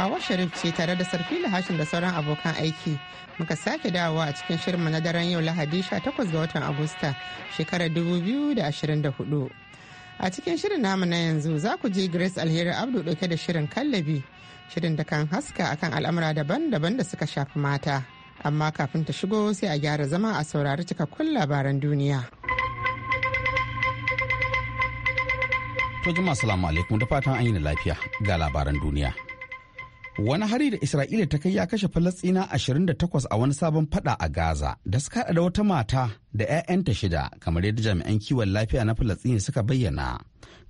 Hawa Sharif ce tare da Sarfila Hashin da sauran abokan aiki. Muka sake dawowa a cikin shirinmu na daren yau Lahadi 18 ga watan Agusta shekarar 2024. A cikin shirin namu na yanzu za ku ji Grace Alheri Abdu ɗauke da shirin kallabi, shirin da kan haska akan al'amura daban-daban da suka shafi mata. Amma kafin ta shigo sai a gyara zama a saurari cikakkun labaran duniya. To jama'a salamu alaikum da fatan an yi lafiya ga labaran duniya. wani hari da isra'ila ta kai ya kashe falastina 28 a wani sabon fada a gaza da suka haɗa da wata mata da 'ya'yanta shida kamar yadda jami'an kiwon lafiya na falastina suka bayyana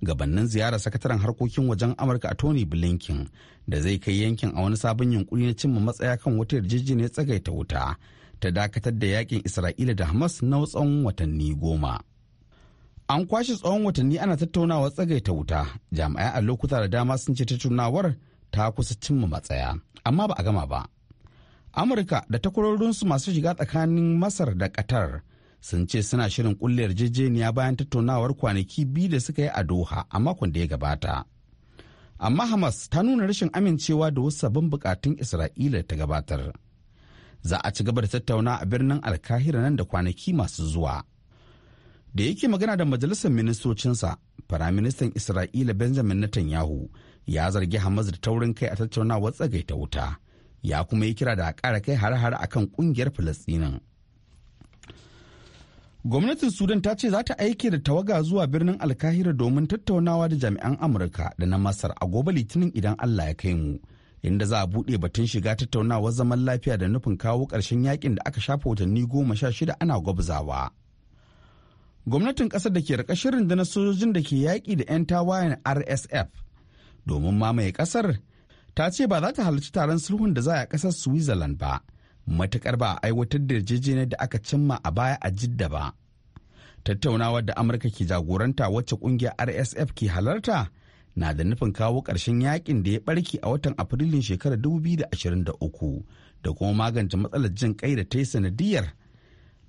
gabanin ziyarar sakataren harkokin wajen amurka a tony blinken da zai kai yankin a wani sabon yunkuri na cimma matsaya kan wata yarjejeniyar tsagaita wuta ta dakatar da yakin isra'ila da hamas na tsawon watanni goma an kwashe tsawon watanni ana tattaunawa tsagaita wuta jami'ai a lokuta da dama sun ce tattaunawar ta kusa cimma matsaya amma ba a gama ba amurka da takwarorinsu masu shiga tsakanin masar da qatar sun ce suna shirin kulle yarjejeniya bayan tattaunawar kwanaki biyu da suka yi a doha a makon da ya gabata amma hamas ta nuna rashin amincewa da wasu sabbin bukatun isra'ila ta gabatar za a ci gaba da tattauna a birnin alkahira nan da kwanaki masu zuwa da yake magana da majalisar ministocinsa firaministan isra'ila benjamin netanyahu ya zargi hamas da taurin kai a tattaunawar tsagaita wuta ya kuma yi kira da a kara kai har-har a kan kungiyar falastinin gwamnatin sudan ta ce za ta aike da tawaga zuwa birnin alkahira domin tattaunawa da jami'an amurka da na masar a gobe litinin idan allah ya kai mu inda za a buɗe batun shiga tattaunawar zaman lafiya da nufin kawo ƙarshen yakin da aka shafa watanni goma sha shida ana gwabzawa gwamnatin ƙasar da ke rikashin rundunar sojojin da ke yaƙi da 'yan tawayen rsf domin mamaye kasar ta ce ba za ta halarci taron sulhun da za a kasar switzerland ba matukar ba a aiwatar da yarjejeniyar da aka cimma a baya a jidda ba tattaunawa da amurka ke jagoranta wacce kungiyar rsf ke halarta na da nufin kawo ƙarshen yakin da ya barke a watan afrilun shekarar 2023 da kuma magance matsalar jin kai da ta yi sanadiyar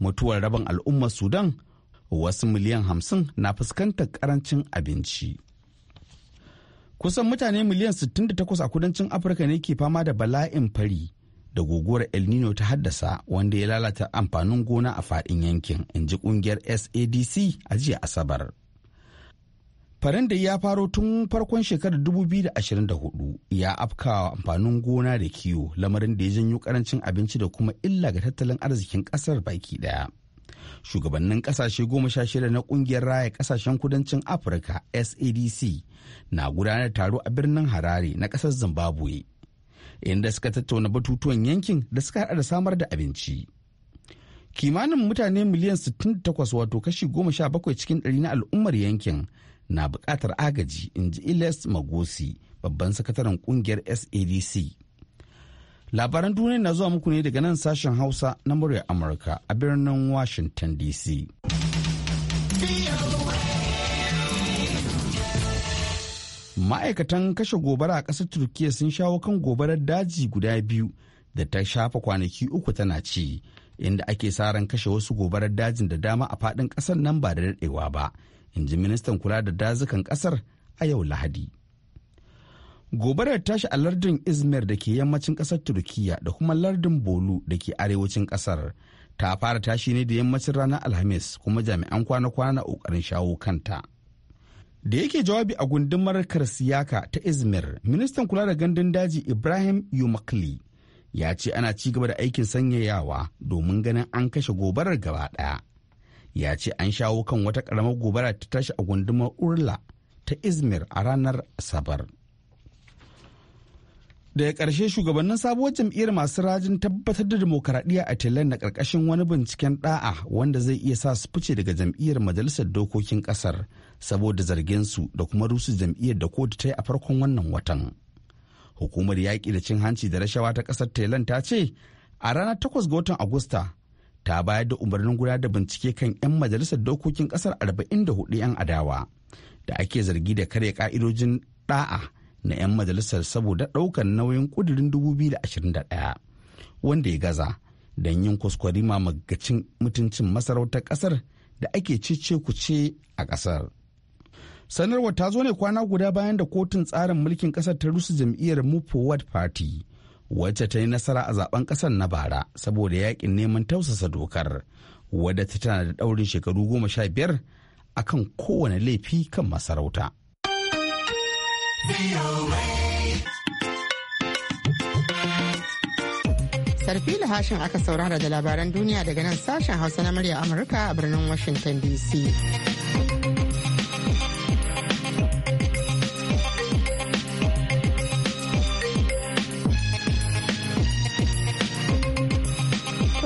mutuwar rabin al'ummar sudan wasu miliyan hamsin na fuskantar karancin abinci. kusan mutane miliyan 68 a kudancin afirka ne ke fama da bala'in fari da guguwar el nino ta haddasa wanda ya lalata amfanin gona a faɗin yankin in ji kungiyar sadc a jiya asabar farin da ya faro tun farkon shekarar 2024 ya afkawa amfanin gona da kiwo lamarin da ya janyo karancin abinci da kuma illa ga tattalin arzikin ƙasar baki ɗaya. shugabannin kasashe goma sha shida na kungiyar raya kasashen kudancin afirka sadc na gudanar taro a birnin harare na kasar zimbabwe inda suka tattauna batutuwan yankin da suka hada da samar da abinci kimanin mutane miliyan 68 wato kashi bakwai cikin ɗari na al'ummar yankin na bukatar agaji in ji iles magosi babban sakataren kungiyar sadc Labaran duniya na zuwa muku ne daga nan sashen Hausa na muryar Amurka a birnin Washington DC. Ma'aikatan kashe gobara a ƙasar Turkiyya sun shawo kan gobarar daji guda biyu da ta shafa kwanaki uku tana ci, inda ake sa ran kashe wasu gobarar dajin da dama a faɗin ƙasar nan ba da daɗewa ba, in ji ministan kula da dazukan ƙasar a yau Lahadi. gobarar tashi a lardin izmir da ke yammacin kasar turkiya da kuma lardin bolu da ke arewacin kasar ta fara tashi ne da yammacin ranar alhamis kuma jami'an kwana-kwana na shawo kanta da yake jawabi a gundumar karsiyaka ta izmir ministan kula da gandun daji ibrahim yumakli ya ce ana ci gaba da aikin sanyayawa domin ganin an kashe gobarar gaba ɗaya ya ce an shawo kan wata karamar gobara ta tashi a gundumar urla ta izmir a ranar asabar daga karshe shugabannin sabuwar jam'iyyar masu rajin tabbatar da demokaradiyya a thailand na ƙarƙashin wani binciken ɗa'a wanda zai iya sa su fice daga jam'iyyar majalisar dokokin ƙasar saboda zarginsu da kuma rusu jam'iyyar da kotu ta yi a farkon wannan watan hukumar yaƙi da cin hanci da rashawa ta ƙasar thailand ta ce a ranar takwas ga watan agusta ta bayar da umarnin gudanar da bincike kan 'yan majalisar dokokin ƙasar 44 'yan adawa da ake zargi da karya ƙa'idojin ɗa'a na 'yan majalisar saboda ɗaukar nauyin ƙudurin 2021 wanda ya gaza don yin kuskure mamagacin mutuncin masarautar ƙasar da ake ku ce a ƙasar. sanarwar ta zo ne kwana guda bayan da kotun tsarin mulkin ƙasar ta rusu jam'iyyar mu forward party wacce ta yi nasara a zaben ƙasar na bara saboda yakin neman tausasa dokar wadda ta tana da ɗaurin shekaru goma sha biyar akan kowane laifi kan masarauta. Sarfi hashin aka saurara da labaran duniya daga nan sashen Hausa na murya Amurka a birnin Washington DC.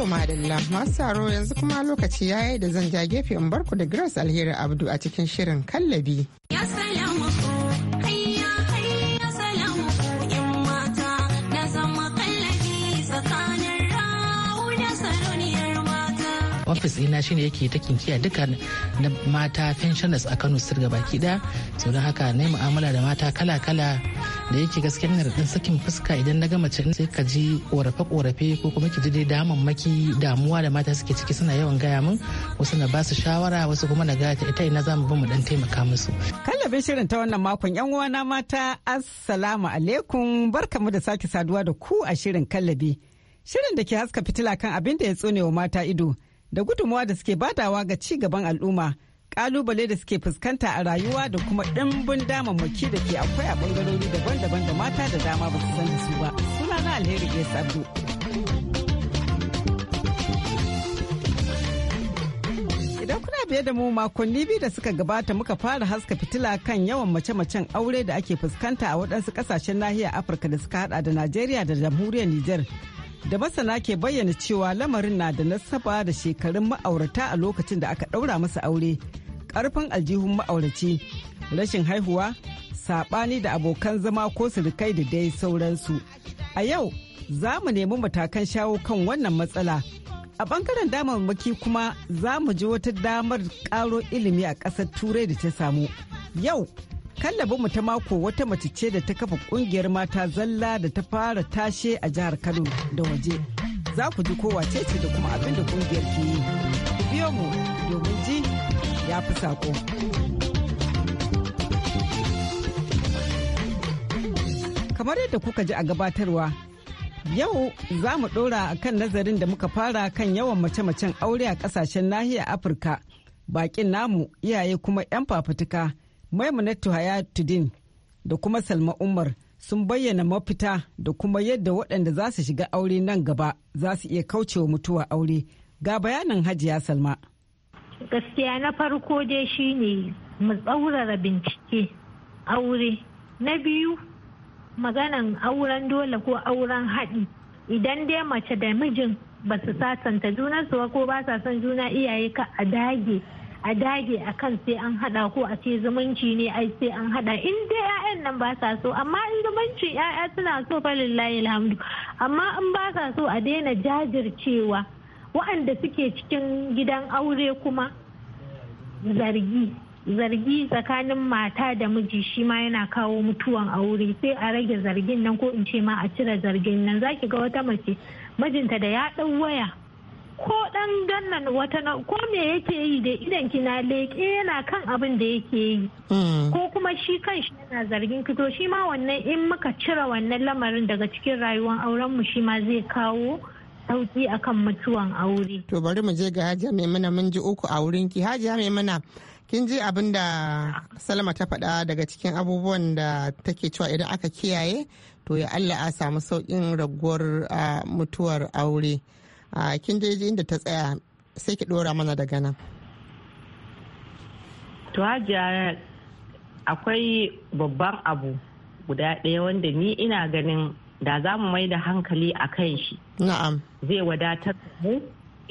madalla masu tsaro yanzu kuma lokaci yayi da zan ja gefe in barku da Grace Alheri Abdu a cikin shirin kallabi. ofis ina shine yake ta kinkiya duka na mata pensioners a Kano Sir baki daya sau don haka na mu'amala da mata kala-kala da yake gaskiya ina da sakin fuska idan na ga mace sai ka ji korafe-korafe ko kuma ki ji dai damammaki damuwa da mata suke ciki suna yawan gaya min wasu na ba su shawara wasu kuma na gaya ita ina za mu bi mu dan taimaka musu. Kallabin shirin ta wannan makon yan uwa na mata assalamu alaikum barkamu da sake saduwa da ku a shirin kallabi. Shirin da ke haska fitila kan abin da ya tsone wa mata ido. da gudunmawa da suke badawa ga ci gaban al'umma kalubale da suke fuskanta a rayuwa da kuma ɗimbin damammaki da ke akwai a bangarori daban-daban da mata da dama ba su san da su ba suna na alheri ga sabu idan kuna biye da mu makonni biyu da suka gabata muka fara haska fitila kan yawan mace-macen aure da ake fuskanta a waɗansu ƙasashen nahiyar afirka da suka hada da najeriya da jamhuriyar niger da masana ke bayyana cewa lamarin na da nasaba da shekarun ma'aurata a lokacin da aka ɗaura masa aure ƙarfin aljihun ma'aurace rashin haihuwa saɓani da abokan zama ko surukai da dai sauransu a yau za mu nemi matakan shawo kan wannan matsala a ɓangaren damarmaki kuma za mu ji wata damar ƙaro ilimi a ƙasar turai da ta samu yau kallabin mu ta mako wata mace ce da ta kafa kungiyar mata zalla da ta fara tashe a jihar kano da waje za ku ji kowa ce ce da kuma abin da kungiyar ke yi ku biyo mu domin ji ya fi sako kamar yadda kuka ji a gabatarwa Yau za mu ɗora kan nazarin da muka fara kan yawan mace-macen aure a ƙasashen nahiyar Afirka. Bakin namu iyaye kuma 'yan fafutuka Maimunatu Hayatuddin da kuma Salma Umar sun bayyana mafita da kuma yadda waɗanda za su shiga aure nan gaba za su iya kaucewa mutuwa aure. Ga bayanin Hajiya Salma. Gaskiya na farko dai shine mu tsaurara bincike aure. Na biyu maganan auren dole ko auren haɗi idan dai mace da mijin ba su sasanta juna ko ba sa son juna iyaye ka a dage a dage a kan sai an hada ko a ce zumunci ne ai sai an hada in dai 'ya'yan nan ba sa so amma in zumunci 'ya'ya suna so falillahi alhamdu amma in ba sa so a daina jajircewa wa'anda suke cikin gidan aure kuma zargi zargi tsakanin mata da miji shi ma yana kawo mutuwan aure sai a rage zargin nan ko in ce ma a cire zargin nan zaki ga wata mace mijinta da ya ɗau waya ko dan gannan wata na ko me yake yi da idan kina leƙe yana kan abin da yake yi hmm. ko kuma shi kan shi yana zargin ki to shi ma wannan in muka cire wannan lamarin daga cikin rayuwar auren mu shi ma zai kawo sauki akan mutuwan aure to bari mu je ga hajiya mai mun ji uku a wurin ki hajiya mai kin ji abin da salma ta faɗa daga cikin abubuwan da take cewa idan aka kiyaye to ya allah a samu saukin raguwar mutuwar aure a kin je inda ta tsaya sai ki dora mana daga nan to hajiya akwai babban abu guda ɗaya wanda ni ina ganin da za mu mai da hankali a kan shi na'am zai wadatar mu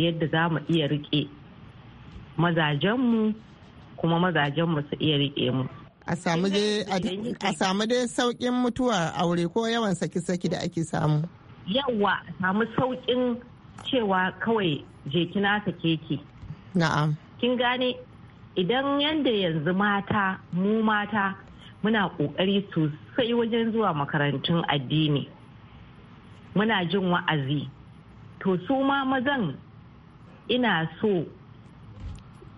yadda za mu iya rike mazajenmu kuma mazajenmu su iya rike mu a samu dai sauƙin mutuwa aure ko yawan saki-saki da ake samu yawa a samu sauƙin cewa kawai je kina sake ki na'am kin gane idan yadda yanzu mata mu mata muna kokari sosai wajen zuwa makarantun addini muna jin wa'azi to su ma mazan ina so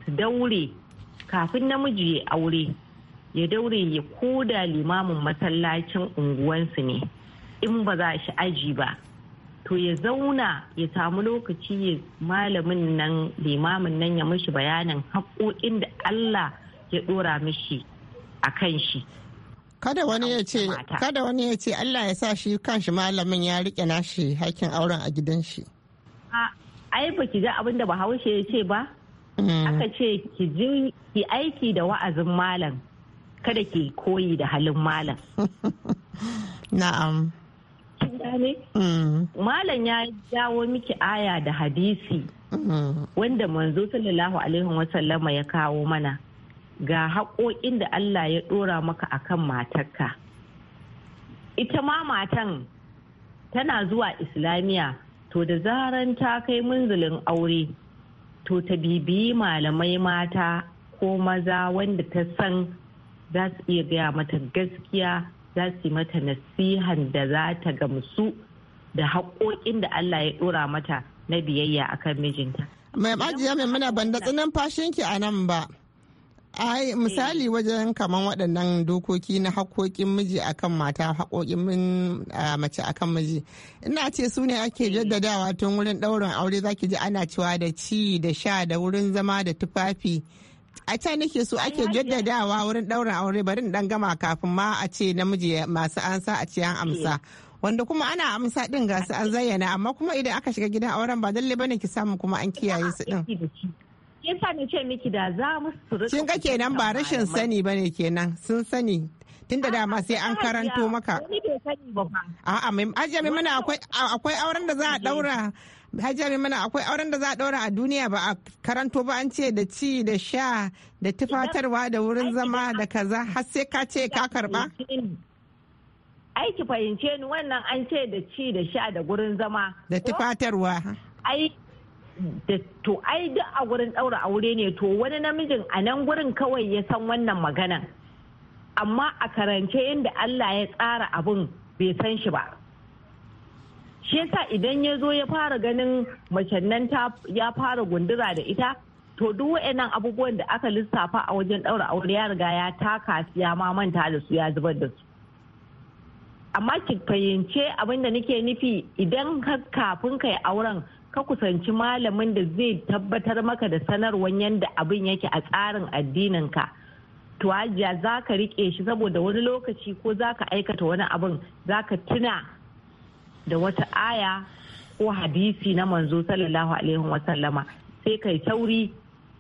su daure kafin namiji ya aure ya daure ya koda limamin masallacin unguwansu ne in ba za shi aji ba to ya zauna ya samu lokaci malamin nan limamin nan ya mishi bayanin haƙoƙin da Allah ya ɗora mishi a kan shi. Kada wani ya ce, Allah ya sa shi kanshi malamin ya riƙe nashi haƙƙin auren a gidan shi. Ai ba ki ga abin da Bahaushe ya ce ba? Mm. Aka ce ki ji ki aiki da wa'azin malam, kada ki koyi da halin malam. Na'am. gane mm. malam ya jawo miki aya da hadisi mm. wanda manzo sallallahu alaihi wasallama ya kawo mana ga haƙoƙin da Allah ya ɗora maka akan matarka ita ma matan tana zuwa islamiyya to da zaran ta kai munzulin aure to ta bibiyi malamai mata ko maza wanda ta san za su iya gaya mata gaskiya za su yi mata nasihan da za ta gamsu da haƙoƙin da Allah ya ɗora mata na biyayya akan mijinta. Mai ajiya mai muna ban da tsinin fashinki a nan ba. Ai eh. misali wajen kaman waɗannan dokoki na haƙoƙin miji akan mata haƙoƙin mace akan miji. Ina ce su ne ake eh. jaddadawa tun wurin ɗaurin aure zaki ji ana cewa da ci da sha da wurin zama da tufafi. a ta nake so ake jaddadawa wurin daura aure bari in dan gama kafin ma a ce namiji masu ansa a ce an eh. amsa wanda kuma ana amsa din ga su an zayyana amma kuma idan aka shiga gidan auren ba dalle bane ki samu kuma an kiyaye su din yasa ni ce miki da za mu kin ga kenan ba rashin sani bane kenan sun sani tun da dama sai an karanto maka a'a mai ajiye mai mana akwai auren da za a daura hajjar mana akwai auren da za a daura a duniya ba a karanto ba an ce da ci da sha da tufatarwa da wurin zama da kaza har sai ka ce ka karba aiki fahimce ni wannan an ce da ci da sha da gurin zama da tufatarwa ai to ai duk a gurin ɗaura aure ne to wani namijin a nan gurin kawai ya san wannan maganan amma a karance yadda Allah ya tsara abin bai san shi ba shi yasa idan ya zo ya fara ganin macen nan ya fara gundura da ita to duk wa'annan abubuwan da aka lissafa a wajen ɗaura aure ya riga ya taka ya ma manta da su ya zubar da su amma ki fahimce abin da nake nufi idan kafin kai auren ka kusanci malamin da zai tabbatar maka da sanarwar yadda abin yake a tsarin addininka to hajiya za ka rike shi saboda wani lokaci ko za ka aikata wani abin za ka tuna da wata aya ko hadisi na manzo sallallahu alaihi wasallama sai kai tauri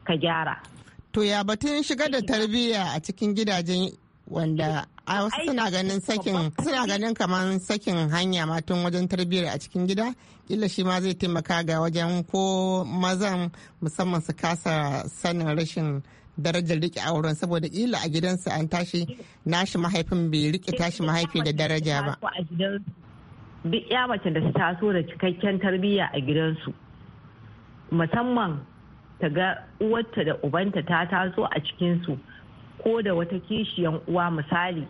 ka gyara to ya batun shiga da tarbiyya a cikin gidajen wanda a wasu suna ganin sakin suna ganin kamar sakin hanya matan wajen tarbiyyar a cikin gida illa shi ma zai taimaka ga wajen ko mazan musamman su kasa sanin rashin darajar rike auren saboda kila a gidansu an tashi nashi mahaifin bai rike tashi mahaifi da daraja ba duk ya mace da su taso da cikakken tarbiyya a gidansu musamman ta ga uwarta da ubanta ta taso a cikinsu ko da wata kishiyan uwa misali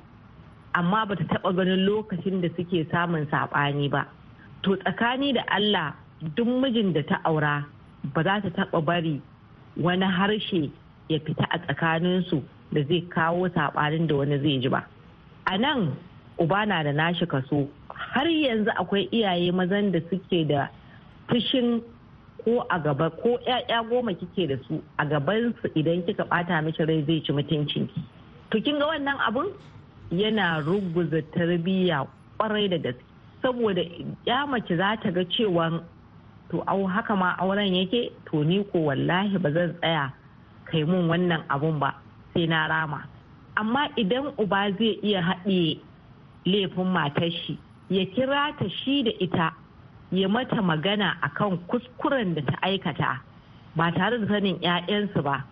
amma ba ta taɓa ganin lokacin da suke samun saɓani ba to tsakani da allah duk mijin da ta aura ba za ta taɓa bari wani harshe ya fita a tsakaninsu da zai kawo saɓanin da wani zai ji ba a nan uba na da nashi kaso har yanzu akwai iyaye mazan da suke da fushin ko a gaba ko 'ya'ya goma kike da su a gabansu idan kika bata miki rai zai ci mutuncin to kin ga wannan abun yana ruguza tarbiyya kwarai da gaske saboda ya mace za ta ga cewa to au haka ma auren yake to ni ko wallahi ba zan tsaya kai mun wannan abun ba sai na rama amma idan uba zai iya haɗiye laifin matar shi ya kira ta shi da ita ya mata magana akan kuskuren da ta aikata ba tare da sanin 'ya'yansu ba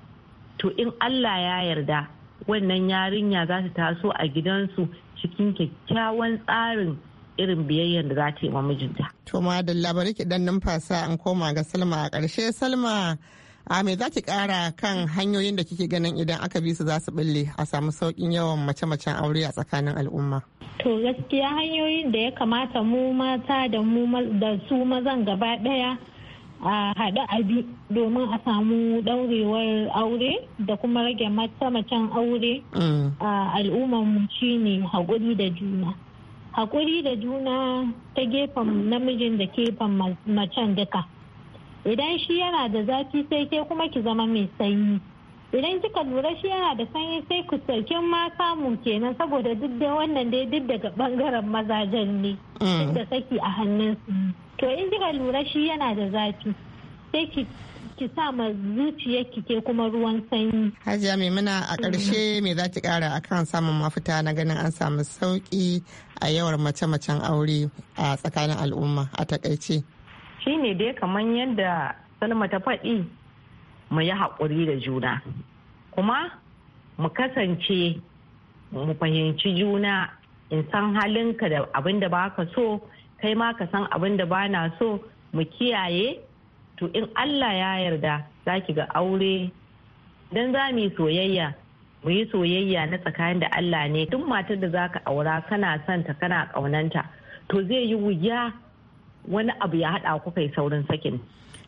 to in allah ya yarda wannan yarinya za ta taso a gidansu cikin kyakkyawan tsarin irin biyayyar da za ta yi wa mijinta. to ma da labari dan numfasa an koma ga salma a ƙarshe salma a me za ki kara kan hanyoyin da kike ganin idan aka bi su za su bulle a samu saukin yawan mace-macen aure a tsakanin al'umma to gaskiya hanyoyin da ya kamata mu mata da mu da su mazan gaba ɗaya a haɗu abi domin a samu ɗaurewar aure da kuma rage mace-macen aure mm. a mu shine hakuri da juna hakuri da juna ta gefen namijin da gefen macen duka idan shi yana da zafi sai ke kuma ki zama mai sanyi idan kika lura shi yana da sanyi sai ku sauke ma samu kenan saboda duk da wannan dai duk daga bangaren mazajen ne mm. da saki a hannun su to in kika lura shi yana da zafi sai ki ki sa ma zuciya ki ke kuma ruwan sanyi. Hajiya Maimuna a mm. ƙarshe me za ki ƙara akan samun mafita na ganin an samu sauki a yawan mace-macen aure a tsakanin al'umma a takaice. Shi shine dai kamar yadda salma ta faɗi mu yi haƙuri da juna kuma mu kasance mu fahimci juna in san halinka da abin da baka so kai ma ka san abin da ba na so mu kiyaye to in allah ya yarda za ki ga aure don za mu yi soyayya mu yi soyayya na tsakanin da allah ne duk matar da za ka aura kana son ta kana ƙaunanta to zai yi wuya wani abu ya haɗa ku kai saurin sakin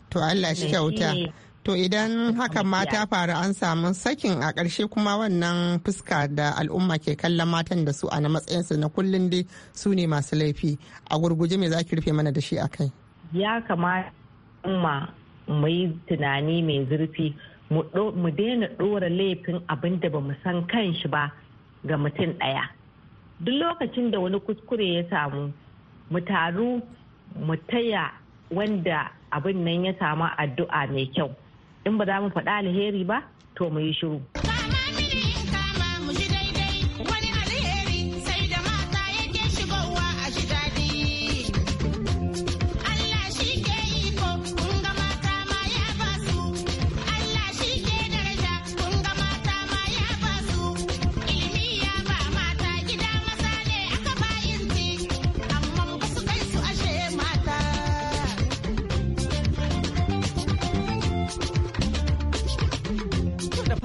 to Allah shi kyauta to idan haka ma ta faru an samu sakin a ƙarshe kuma wannan fuska da al'umma ke kallon matan da su a na matsayinsu na kullum dai su ne masu laifi a gurguje me za ki rufe mana da shi a kai ya kamata umma mu yi tunani mai zurfi mu daina ɗora laifin abin da ba mu san kan shi ba ga mutum ɗaya duk lokacin da wani kuskure ya samu mu taru mu taya wanda abin nan ya samu addu'a mai kyau in ba za mu faɗa alheri ba to mu yi shiru.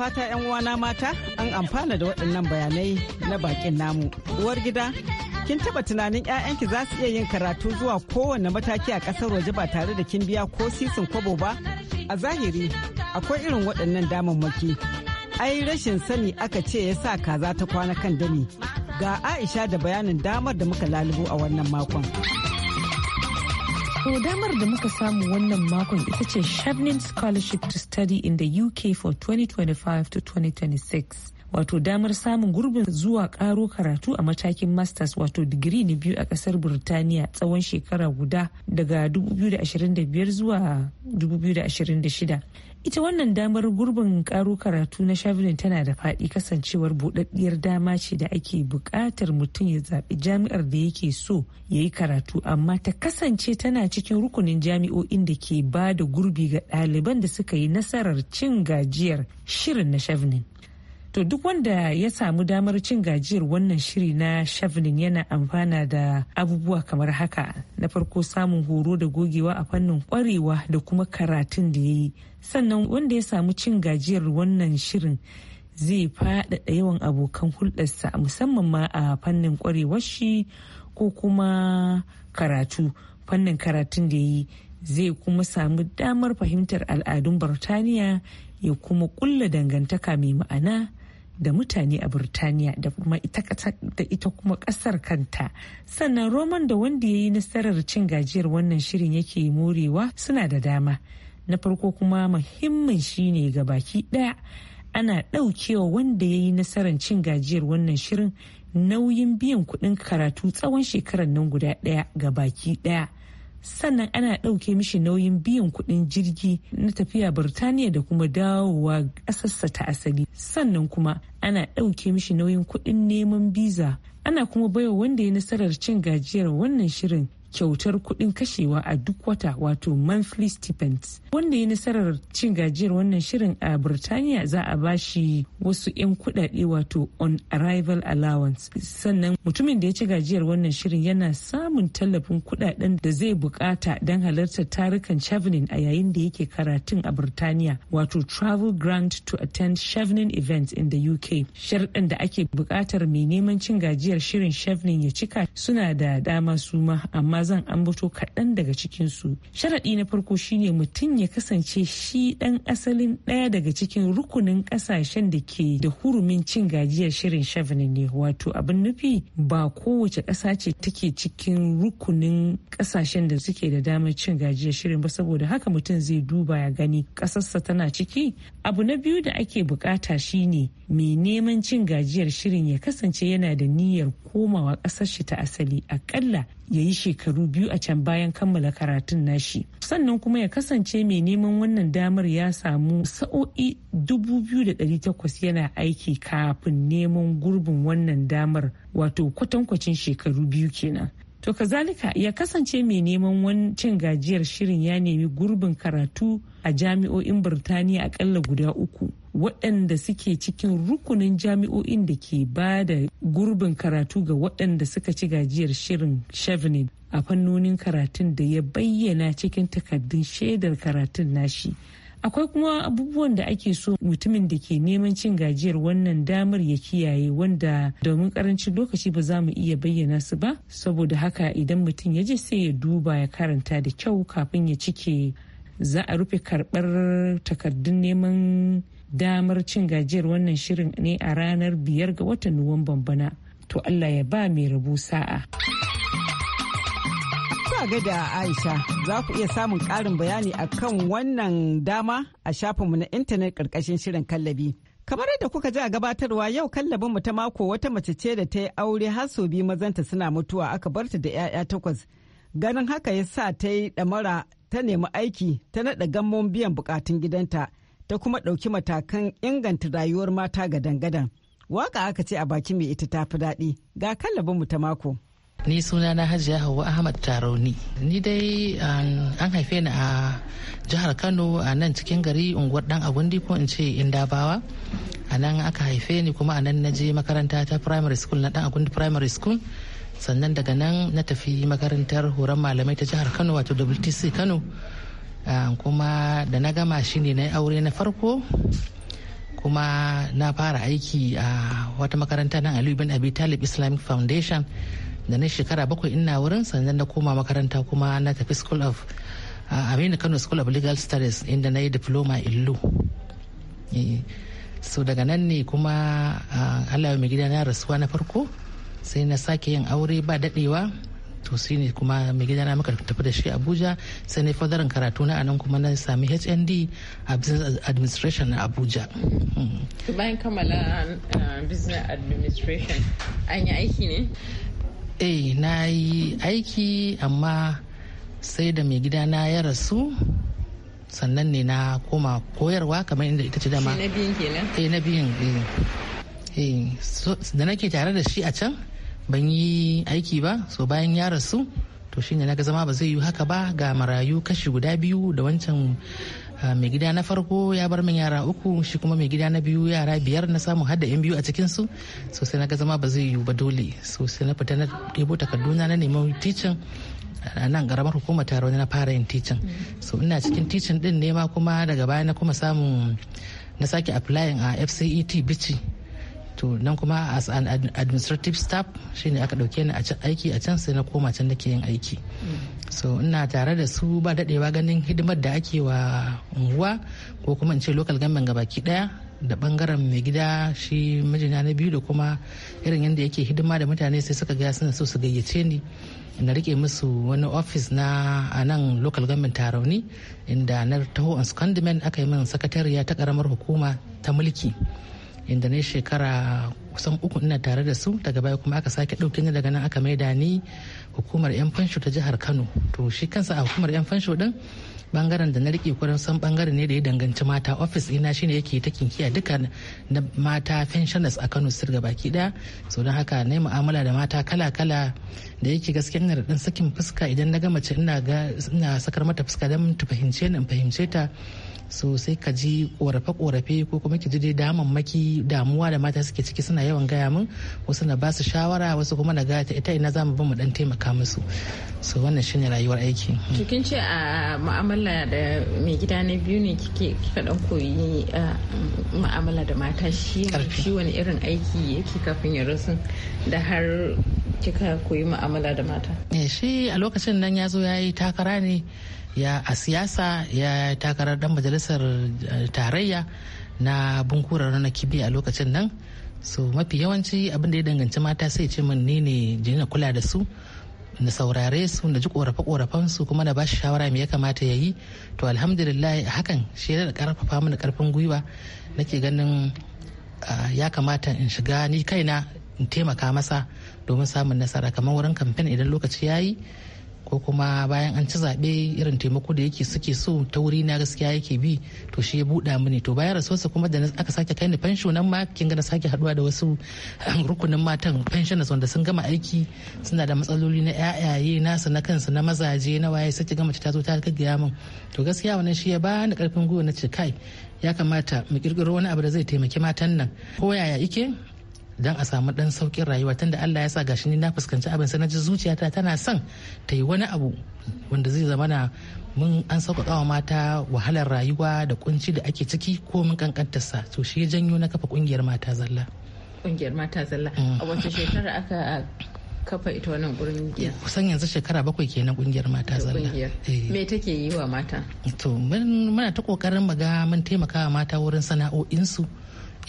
fata 'yan uwana mata an amfana da waɗannan bayanai na bakin namu. Uwar gida, kin taɓa tunanin 'ya'yanki za su iya yin karatu zuwa kowane mataki a ƙasar waje ba tare da kin biya ko sisin kwabo ba? A zahiri, akwai irin waɗannan damammaki. Ai rashin sani aka ce ya sa kaza ta kwana kan dani Ga Aisha da bayanin damar da muka lalubo a wannan makon. To damar da muka samu wannan makon ita ce Shevnin Scholarship to Study in the UK for 2025 to 2026. Wato damar samun gurbin zuwa karo karatu a matakin Masters wato digiri na biyu a kasar Burtaniya tsawon shekara guda daga 2025 zuwa 2026. ita wannan damar gurbin karo karatu na shafin tana da faɗi kasancewar buɗaɗɗiyar dama ce da ake bukatar mutum ya zaɓi jami'ar da yake so ya yi karatu amma ta kasance tana cikin rukunin jami'o'in da ke ba da gurbi ga ɗaliban da suka yi nasarar cin gajiyar shirin na shafin To duk wanda ya samu damar cin gajiyar wannan shiri na Shevlin yana amfana da abubuwa kamar haka. Na farko samun horo da gogewa a fannin kwarewa da kuma karatun da ya yi. Sannan wanda ya samu cin gajiyar wannan shirin zai faɗaɗa yawan abokan hulɗarsa musamman ma a fannin kwarewar shi ko kuma karatu. Fannin karatun da ya yi zai kuma samu damar fahimtar al'adun Burtaniya ya kuma ƙulla dangantaka mai ma'ana da mutane a Burtaniya da kuma ita kuma kasar kanta. Sannan Roman da wanda ya yi nasarar cin gajiyar wannan shirin yake morewa suna da dama. Na farko kuma muhimmin shine ga baki ɗaya ana ɗaukewa wanda ya yi nasarar cin gajiyar wannan shirin nauyin biyan kuɗin karatu tsawon shekarar nan guda ɗaya ga baki ɗaya. sannan ana ɗauke mishi nauyin biyan kuɗin jirgi na tafiya Birtaniya da kuma dawowa ƙasarsa ta asali sannan kuma ana ɗauke mishi nauyin kuɗin neman biza ana kuma baiwa wanda ya nasarar cin gajiyar wannan shirin kyautar kuɗin kashewa a duk wata wato monthly stipends wanda ya nasarar cin gajiyar wannan shirin a birtaniya za a ba shi wasu 'yan kuɗaɗe wato on arrival allowance sannan mutumin da ya ci gajiyar wannan shirin yana samun tallafin kuɗaɗen da zai bukata don halartar tarukan chevening a yayin da yake karatun a birtaniya wato travel grant to attend chevening events in the uk sharɗan da ake bukatar mai neman cin gajiyar shirin chevening ya cika suna da dama suma amma zan ambato kaɗan daga cikinsu sharaɗi na farko shine mutum ya kasance shi ɗan asalin ɗaya daga cikin rukunin ƙasashen da ke da hurumin cin gajiyar shirin chevening ne wato abin nufi ba kowace ƙasa ce take cikin rukunin ƙasashen da suke da damar cin gajiyar shirin ba saboda haka mutum zai duba ya gani ƙasarsa tana ciki abu na biyu da ake bukata shine mai neman cin gajiyar shirin ya kasance yana da niyyar komawa ƙasar shi ta asali akalla ya yi shekaru biyu a can bayan kammala karatun nashi sannan kuma ya kasance mai neman wannan damar ya samu sa'o'i dubu biyu da 2,800 yana aiki kafin neman gurbin wannan damar wato kwatankwacin shekaru biyu kenan to kazalika ya kasance mai neman cin gajiyar shirin ya nemi gurbin karatu a jami'o'in birtaniya akalla guda uku waɗanda suke cikin rukunin jami'o'in da ke ba da gurbin karatu ga waɗanda suka ci gajiyar shirin chevening a fannonin karatun da ya bayyana cikin takardun shaidar karatun nashi akwai kuma abubuwan da ake so mutumin da ke neman cin gajiyar wannan damar ya kiyaye wanda domin karancin lokaci ba za mu iya bayyana su ba saboda haka idan mutum ya je sai ya duba ya karanta da kyau kafin ya cike za a rufe karɓar takardun neman damar cin gajiyar wannan shirin ne a ranar biyar ga watan nuwamban bana to allah ya ba mai rabu sa'a ga da Aisha za ku iya samun ƙarin bayani a kan wannan dama a shafinmu na intanet ƙarƙashin shirin kallabi. Kamar yadda kuka ji a gabatarwa yau kallabinmu ta mako wata mace ce da ta yi aure har sau biyu mazanta suna mutuwa aka bar ta da 'ya'ya takwas. Ganin haka ya sa ta yi ɗamara ta nemi aiki ta naɗa gammon biyan bukatun gidanta ta kuma ɗauki matakan inganta rayuwar mata ga dangadan. Waka aka ce a baki mai ita tafi daɗi ga mu ta mako. Ni suna na Hajiya Hauwa Ahmad Tarauni. Ni dai an haife ni a jihar Kano a nan cikin gari unguwar dan Agundi ko in ce Indabawa. A nan aka haife ni kuma a nan na je makaranta ta primary school na dan Agundi primary school. Sannan daga nan na tafi makarantar horon malamai ta jihar Kano wato WTC Kano. Ah, kuma da na gama shi ne na aure na farko kuma na fara aiki a wata makaranta nan aliyu bin abi talib islamic foundation da na shekara bakwai ina wurin sannan na koma makaranta kuma na tafi school of aminu kano school of legal studies inda na yi diploma illu eh, so daga nan ne kuma ah, allah mai gida na rasuwa na farko sai na sake yin aure ba dadewa to shi ne kuma mai gida na muka tafi da shi abuja sai na fadarin karatu na anan kuma na sami hnd a business administration na abuja bayan kammala eh, business administration an yi aiki ne eh na yi aiki amma sai da mai gida na ya rasu sannan ne na koma koyarwa kamar inda ita ce dama na biyun kenan eh na biyun eh, eh da nake tare da shi a can ban yi aiki ba so bayan ya rasu to shine na ga zama ba zai yi haka ba ga marayu kashi guda biyu da wancan ah, mai gida na farko ya bar min yara uku shi kuma mai gida na biyu yara biyar na samu hada yan biyu a cikin su so sai na zama ba zai yiwu ba dole so sai na fita na ɗebo takarduna na neman ticin a nan karamar hukumar taro na fara yin ticin so ina cikin ticin din ne ma kuma daga baya na kuma samun na sake applying a fcet bici to nan kuma as an administrative staff shine aka dauke ni a can aiki a can sai na koma can nake yin aiki so ina tare da su ba dadewa ganin hidimar da ake wa unguwa ko kuma in ce local government gabaki daya da bangaren mai gida shi mijina na biyu da kuma irin yadda yake hidima da mutane sai suka gaya suna so su gayyace ni na rike musu wani ofis na a nan local government tarauni inda na taho on secondment aka yi min sakatariya ta karamar hukuma ta mulki inda ne shekara kusan uku ina tare da su daga baya kuma aka sake ɗauke ni daga nan aka maida ni hukumar 'yan fansho ta jihar kano to shi kansa a hukumar 'yan fansho din bangaren da na rike kudan san bangaren ne da ya danganci mata ofis ina shine yake ta kinkiya duka na mata pensioners a Kano sirga baki daya so don haka na yi mu'amala da mata kala kala da yake gaskiya ina da dan sakin fuska idan na ga mace ina ga sakar mata fuska dan ta fahimce ni in fahimce ta so sai ka ji korafe-korafe ko kuma ki ji dai damammaki damuwa da mata suke ciki suna yawan gaya mun wasu na basu shawara wasu kuma na gata ita ina zamu bi mu dan taimaka musu so wannan shine rayuwar aiki hmm. to kin ce a mu'amala da mai gida na biyu ne kike kika dan koyi mu'amala da mata shi shi wani irin aiki yake kafin ya rasu da har kika koyi mu'amala da mata eh, shi a lokacin nan ya zo ya takara ne ya a siyasa ya takarar dan majalisar eh, tarayya na bunkurar na kibi a lokacin nan so mafi yawanci abin da ya danganci mata sai ce min ni ne jini na kula da su na saurare su na ji korafe korafen su kuma na bashi shawara me ya kamata ya yi to alhamdulillah hakan shi da karfafa mini karfin gwiwa nake ganin ah, ya kamata in shiga ni kaina in taimaka masa domin samun nasara kamar wurin kamfen idan lokaci ya yi ko kuma bayan an ci zaɓe irin taimako da yake suke so ta wuri na gaskiya yake bi to shi ya buɗa mini to bayan rasuwarsa kuma da aka sake kai ni fensho nan ma kin ga na sake haɗuwa da wasu eh, rukunin matan pensioners wanda sun gama aiki suna da matsaloli na yayaye nasu na kansu na mazaje na waye sai ga ta zo ta gaggaya min to gaskiya wannan shi ya ba ni karfin gwiwa na ce kai ya kamata mu kirkiro wani abu da zai taimaki matan nan ko yaya ike don a samu dan saukin rayuwa tunda Allah ya sa gashi ni na fuskanci abin sai na ji zuciyata tana son ta yi wani abu wanda zai zama na mun an sauƙaƙa wa mata wahalar rayuwa da kunci da ake ciki ko mun sa to shi ya janyo na kafa ƙungiyar mata zalla ƙungiyar mata zalla a mm. wace shekara aka kafa ita wannan ƙungiyar kusan yanzu shekara bakwai kenan ƙungiyar mata zalla eh. me take yi wa mata to muna ta ƙoƙarin mu ga mun taimaka wa mata wurin sana'o'insu su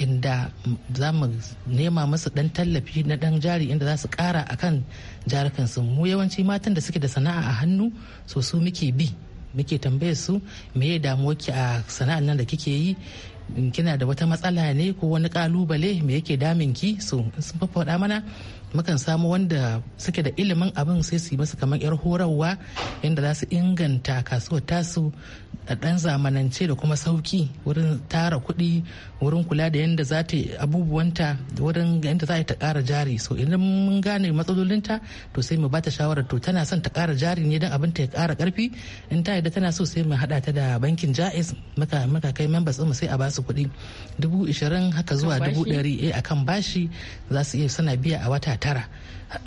inda za mu nema masu dan tallafi na dan jari inda za su kara kan jarakansu mu yawanci matan da suke da sana'a a hannu so su muke bi muke tambayar su me ya damuwa ki a sana'ar nan da kike yi kina da wata matsala ne ko wani kalubale me yake damin ki so sun faɗa mana mukan samu wanda suke da ilimin abin sai su yi masu kamar yar horarwa yadda za su inganta kasuwar tasu da ɗan zamanance da kuma sauki wurin tara kuɗi wurin kula da yadda za ta abubuwanta wurin yadda za ta ƙara jari so idan mun gane matsalolinta to sai mu bata shawarar to tana son ta ƙara jari ne don abin ta ya ƙara ƙarfi in ta yadda tana so sai mu haɗa ta da bankin jaiz muka muka kai members mu sai a basu kuɗi dubu ishirin haka zuwa dubu ɗari eh, a kan bashi za su iya suna biya a wata tara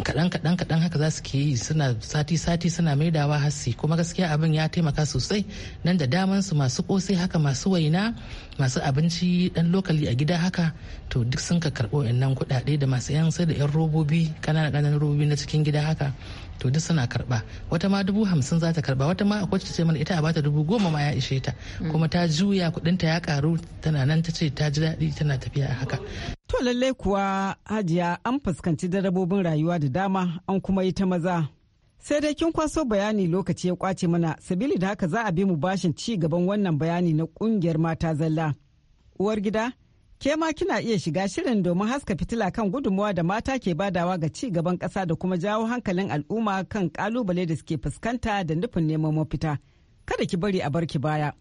kaɗan kaɗan kaɗan haka za su ke yi suna sati sati suna maidawa hasi kuma gaskiya abin ya taimaka sosai nan da daman su masu kosai haka masu waina masu abinci dan lokali a gida haka to duk sun ka karɓo nan kuɗaɗe da masu yan sai da yan robobi ƙananan ƙananan robobi na cikin gida haka to duk suna karɓa wata ma dubu hamsin za ta karɓa wata ma akwai ce mana ita a bata dubu goma ma ya ishe ta mm. kuma ta juya kuɗinta ya ƙaru tana nan ta ce ta ji daɗi tana tafiya a haka. To lallai kuwa hajiya an fuskanci darabobin rayuwa gaisuwa da dama an kuma yi ta maza. Sai dai kin kwaso bayani lokaci ya kwace mana sabili da haka za a bi mu bashin ci gaban wannan bayani na kungiyar mata zalla. Uwar gida, ke ma kina iya shiga shirin domin haska fitila kan gudunmuwa da mata ke badawa ga ci gaban kasa da kuma jawo hankalin al'umma kan kalubale da suke fuskanta da nufin neman mafita. Kada ki bari a barki baya.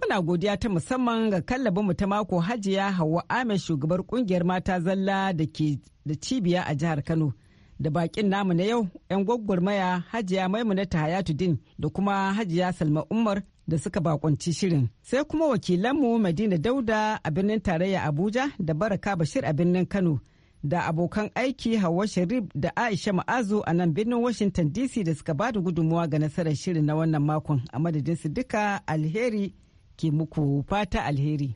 Muna godiya ta musamman ga kallabinmu ta mako Hajiya Hauwa Ahmed shugabar kungiyar mata zalla da ke da cibiya a jihar Kano. da bakin namu na yau 'yan gwaggwarmaya hajiya maimunata hayatuddin da kuma hajiya salma umar da suka bakunci shirin sai kuma wakilanmu madina dauda a birnin tarayya abuja da baraka bashir a birnin kano da abokan aiki hawa sharif da aisha ma'azu a nan birnin washington dc da suka bada gudunmuwa ga nasarar shirin na wannan makon a madadin su duka alheri ke muku fata alheri.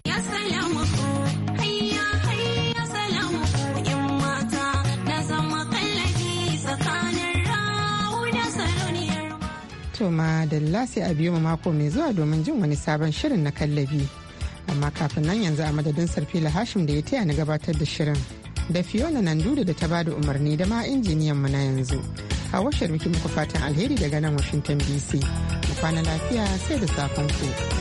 To ma dalla sai a biyo mako mai zuwa domin jin wani sabon shirin na kallabi. Amma kafin nan yanzu a madadin Sarfila Hashim da ya taya ni gabatar da shirin. Da Fiona dudu da ta bada umarni da ma injiniyan mu na yanzu. Hawa Sharwiki muku fatan alheri daga nan Washington DC. Mu kwana lafiya sai da safen ku.